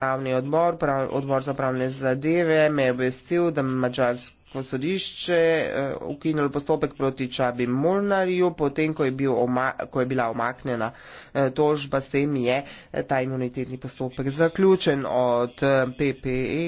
Pravni odbor, prav, odbor za pravne zadeve me je obvestil, da mačarsko sodišče uh, ukinilo postopek proti Čabi Molnarju, potem, ko je, bil oma, ko je bila omaknjena uh, tožba, s tem je uh, ta imunitetni postopek zaključen od uh, PPE.